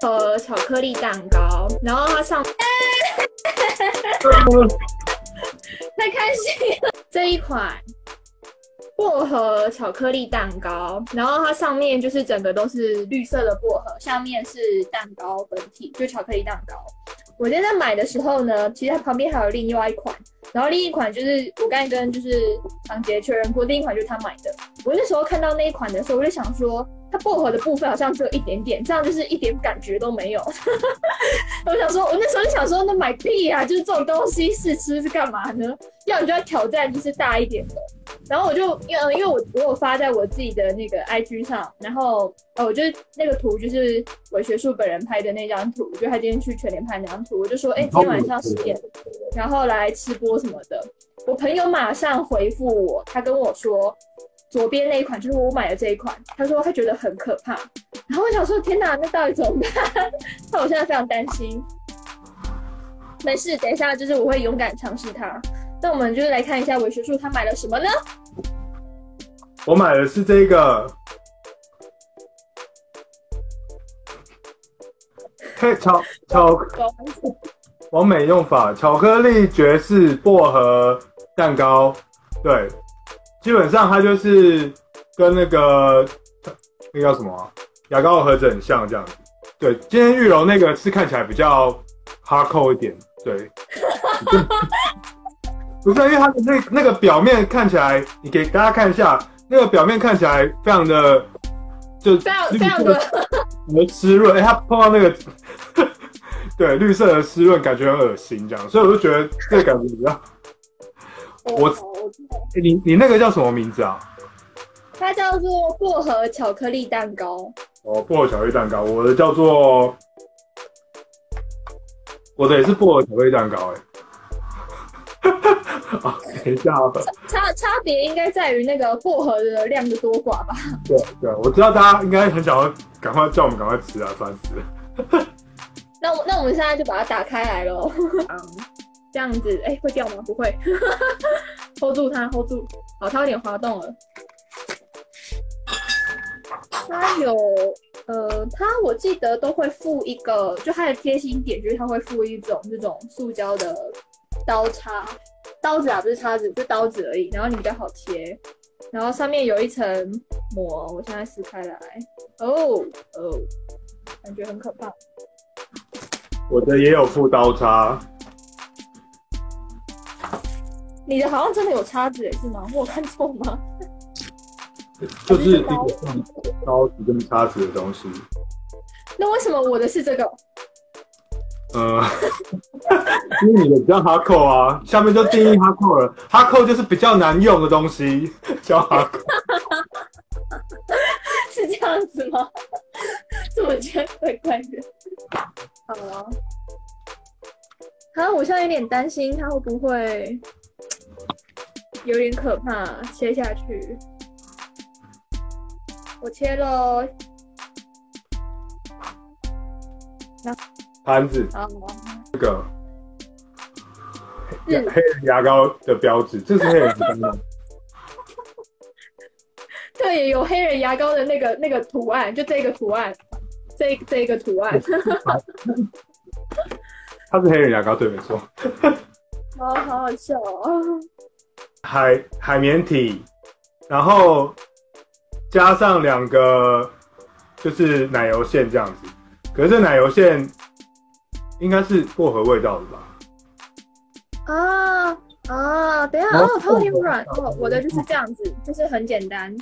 薄荷巧克力蛋糕，然後它上 太開心了。這一款薄荷巧克力蛋糕，然後它上面就是整個都是綠色的薄荷，下面是蛋糕本體，就是巧克力蛋糕。我今天買的時候呢，其實它旁邊還有另外一款，然後另一款就是我剛才跟就是長潔確認過，另一款就是他買的。我那時候看到那一款的時候，我就想說。它薄荷的部分好像只有一點點，這樣就是一點感覺都沒有。 我想說，我那時候就想說，那買屁啊！就是這種東西試吃是幹嘛呢？要你就要挑戰就是大一點的。然後我就因為、嗯、因為我我有發在我自己的那個 IG 上，然後呃、哦，我就那個圖就是偽學術本人拍的那張圖，就他今天去全聯拍那張圖，我就說，哎、欸，今天晚上十點，然後來吃播什麼的。我朋友馬上回覆我，他跟我說。左邊那一款就是我買的這一款，他說他覺得很可怕，然後我想說天哪，那到底怎麼辦？那我現在非常擔心。沒事，等一下就是我會勇敢嘗試它。那我們就是來看一下偽學術他買了什麼呢？我買的是這個，嘿， 巧巧，完美用法，巧克力爵士薄荷蛋糕，對。基本上它就是跟那個那個叫什麼、啊、牙膏的盒子很像這樣子。對，今天玉柔那個是看起來比較 hardcore 一點。對， 不是因為它的那那個表面看起來，你給大家看一下，那個表面看起來非常的就綠色的什麼濕潤，哎、 欸，它碰到那個 對綠色的濕潤感覺很噁心，這樣，所以我就覺得這個感覺比較。我你你那個叫什麼名字啊？它叫做薄荷巧克力蛋糕。哦，薄荷巧克力蛋糕，我的叫做，我的也是薄荷巧克力蛋糕，欸，哎。哈哈，等一下，哦差。差差別應該在於那個薄荷的量的多寡吧？對對，我知道大家應該很想要趕快叫我們趕快吃啊，算是。 那我那我們現在就把它打開來嘍。Um. 這樣子，哎、欸，會掉嗎？不會 ，hold 住它，hold 住。好，它有點滑動了。它有，呃，它我記得都會附一個，就它的貼心點就是它會附一種這種塑膠的刀叉，刀子啊，不是叉子，就刀子而已。然後你比較好切，然後上面有一層膜，我現在撕開來，哦哦，感覺很可怕。我的也有附刀叉。你的好像真的有叉子耶，是嗎？我有看錯嗎？就是一個刀子跟叉子的東西。那為什麼我的是這個？呃， 因為你的比較哈扣啊，下面就定義哈扣了。哈扣 就是比較難用的東西，叫哈扣。 是這樣子嗎？怎麼覺得怪怪的？好了，好，我現在有點擔心他會不會。有點可怕，切下去。我切了盤子，哦、這個黑是黑人牙膏的標誌，這是黑人牙膏嗎？ 對，有黑人牙膏的那個那個圖案，就這個圖案，這這一個圖案。他 是黑人牙膏，對，沒錯、 哦。好好笑啊、哦！海海綿體，然後加上兩個就是奶油餡這樣子。可是這奶油餡應該是薄荷味道的吧？啊啊，等下哦，超級軟哦，我的就是這樣子，就是很簡單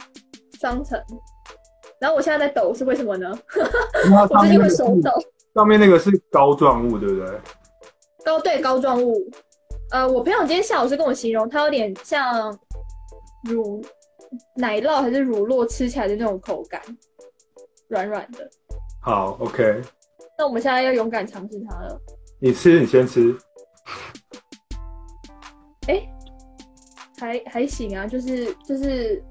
雙層。雙層嗯、然後我現在在抖，是為什麼呢？我最近會手抖。上面那個是膏狀物，對不對？膏對膏狀物。呃，我朋友今天下午是跟我形容，它有點像乳奶酪還是乳酪吃起來的那種口感，軟軟的。好，OK。那我們現在要勇敢嘗試它了。你吃，你先吃。誒、欸，還還行啊，就是就是，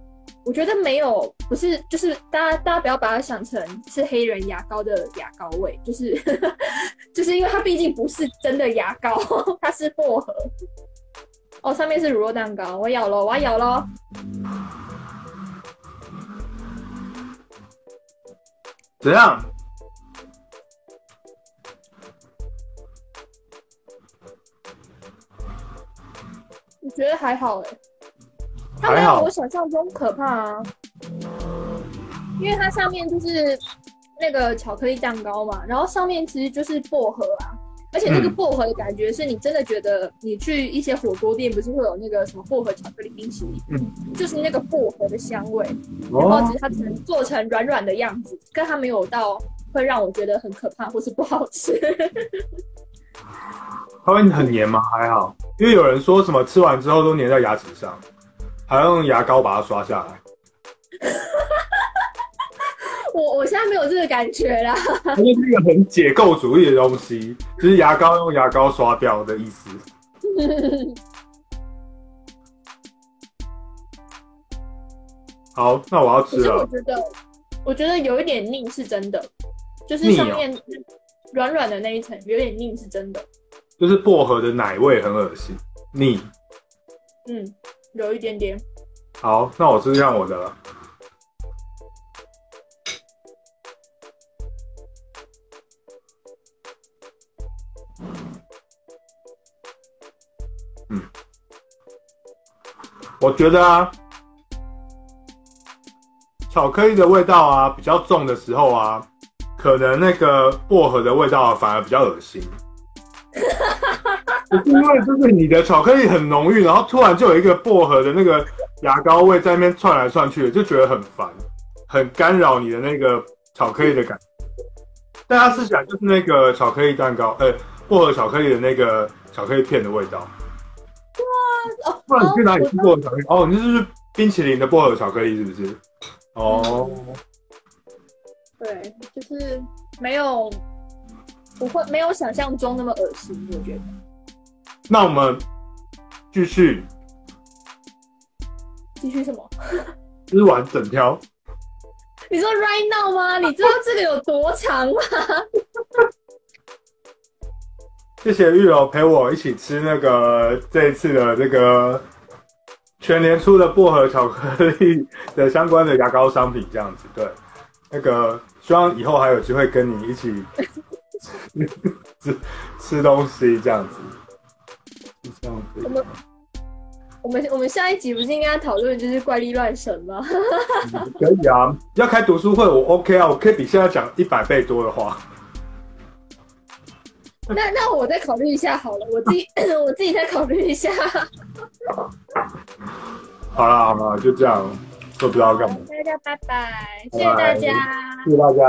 我覺得沒有。不是，就是大家，大家不要把它想成是黑人牙膏的牙膏味，就是， 就是因為它畢竟不是真的牙膏，它是薄荷。哦，上面是乳酪蛋糕，我要咬咯，我要咬咯。怎樣？我覺得還好哎、欸，還好？它沒有我想象中可怕啊。因為它上面就是那個巧克力蛋糕嘛，然後上面其實就是薄荷啊，而且那個薄荷的感覺是你真的覺得你去一些火鍋店不是會有那個什麼薄荷巧克力冰淇淋，嗯，就是那個薄荷的香味，哦、然後其實它只能做成軟軟的樣子，但它沒有到會讓我覺得很可怕或是不好吃。它會很黏嗎？還好，因為有人說什麼吃完之後都黏在牙齒上，還要用牙膏把它刷下來。 我我現在沒有這個感覺啦。它是一個很解構主義的東西，就是牙膏，用牙膏刷掉的意思。 好，那我要吃了。我覺得，我覺得有一點膩是真的，就是上面軟軟的那一層有一點膩是真的，哦。就是薄荷的奶味很噁心，膩。嗯，有一點點。好，那我是讓我的了。我覺得啊，巧克力的味道啊比較重的時候啊，可能那個薄荷的味道反而比較噁心。只是因為就是你的巧克力很濃郁，然後突然就有一個薄荷的那個牙膏味在那邊竄來竄去，就覺得很煩，很干擾你的那個巧克力的感覺。大家試想，就是那個巧克力蛋糕，呃、欸，薄荷巧克力的那個巧克力片的味道。哇不然你去哪裡吃過薄荷的巧克力？哦,哦，你這是冰淇淋的薄荷巧克力是不是？嗯、哦，對，就是沒有，不會沒有想象中那麼噁心，我覺得。那我們繼續，繼續什麼？吃完整條？你說 right now 嗎？ 你知道這個有多長嗎？ 謝謝玉柔陪我一起吃那個這一次的這、那個全聯出的薄荷巧克力的相關的牙膏商品，這樣子對，那個希望以後還有機會跟你一起 吃,吃,吃東西這樣子。這樣子我們這樣我們我們下一集不是應該討論就是怪力亂神嗎、 嗯？可以啊，要開讀書會我 OK 啊，我可以比現在講一百倍多的話。 那那我再考慮一下好了，我自己 我自己再考慮一下。 好了好了，就這樣了，都不知道幹嘛。大家拜拜，拜拜謝謝大家，謝謝大家。